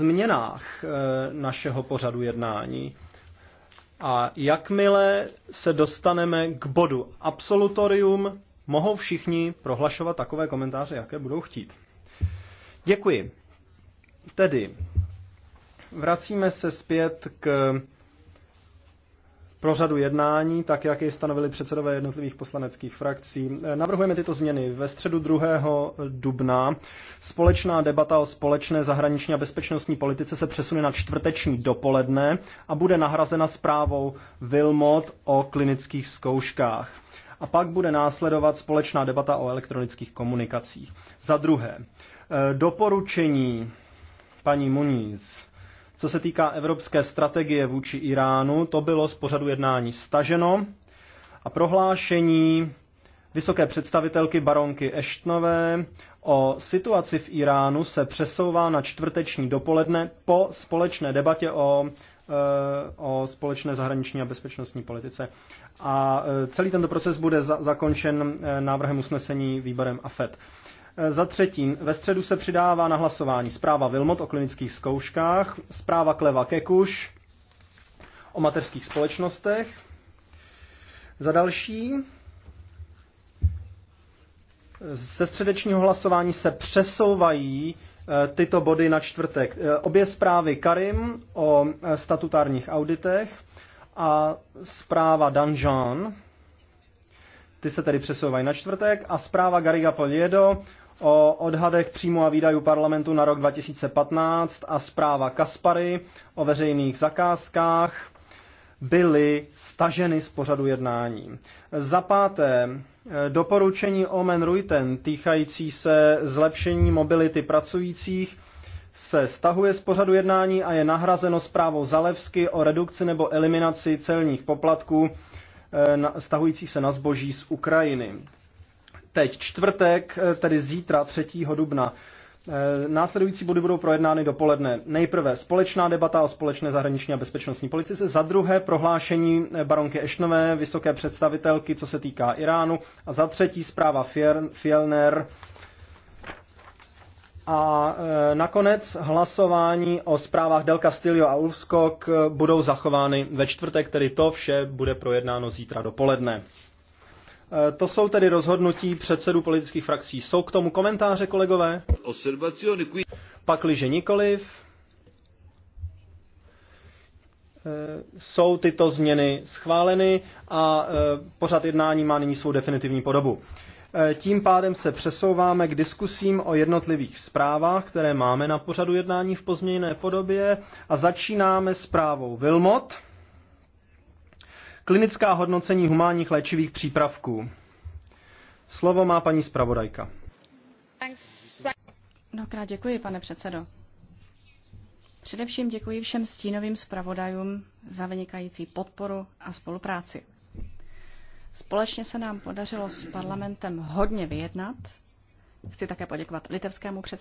změnách eh, našeho pořadu jednání. A jakmile se dostaneme k bodu absolutorium, mohou všichni prohlašovat takové komentáře, jaké budou chtít. Děkuji. Tedy vracíme se zpět k řadu jednání, tak jak je stanovili předsedové jednotlivých poslaneckých frakcí. Navrhujeme tyto změny. Ve středu 2. dubna společná debata o společné zahraniční a bezpečnostní politice se přesune na čtvrteční dopoledne a bude nahrazena zprávou Vilmot o klinických zkouškách. A pak bude následovat společná debata o elektronických komunikacích. Za druhé, doporučení paní Muniz co se týká evropské strategie vůči Iránu, to bylo z pořadu jednání staženo a prohlášení vysoké představitelky baronky Eštnové o situaci v Iránu se přesouvá na čtvrteční dopoledne po společné debatě o, eh, o společné zahraniční a bezpečnostní politice. A eh, celý tento proces bude za, zakončen eh, návrhem usnesení výborem AFET. Eh, za třetí, ve středu se přidává na hlasování zpráva Vilmot o klinických zkouškách, zpráva Kleva Kekuš o mateřských společnostech. Za další, eh, ze středečního hlasování se přesouvají eh, tyto body na čtvrtek. Obě zprávy Karim o statutárních auditech a zpráva Danjean ty se tedy přesouvají na čtvrtek a zpráva Gariga Poliedo o odhadech příjmu a výdajů parlamentu na rok 2015 a zpráva Kaspary o veřejných zakázkách byly staženy z pořadu jednání. Za páté, eh, doporučení Omen Ruiten týkající se zlepšení mobility pracujících se stahuje z pořadu jednání a je nahrazeno zprávou Zalevsky o redukci nebo eliminaci celních poplatků stahujících eh, se na zboží z Ukrajiny. Teď čtvrtek, eh, tedy zítra 3. dubna. Eh, následující body budou projednány dopoledne. Nejprve společná debata o společné zahraniční a bezpečnostní politice, za druhé prohlášení baronky Ešnové, vysoké představitelky, co se týká Iránu, a za třetí zpráva Fjellner a e, nakonec hlasování o zprávách Del Castillo a Ulfskog budou zachovány ve čtvrtek, tedy to vše bude projednáno zítra dopoledne. E, to jsou tedy rozhodnutí předsedů politických frakcí. Jsou k tomu komentáře, kolegové? Pakliže nikoliv, e, jsou tyto změny schváleny a pořad jednání má nyní svou definitivní podobu. Eh, tím pádem se přesouváme k diskusím o jednotlivých zprávách, které máme na pořadu jednání v pozměněné podobě a začínáme zprávou Vilmot. Klinická hodnocení humánních léčivých přípravků. Slovo má paní zpravodajka. Mnohokrát děkuji, pane předsedo. Především děkuji všem stínovým zpravodajům za vynikající podporu a spolupráci. Společně se nám podařilo s parlamentem hodně vyjednat. Chci také poděkovat litevskému předsednictví.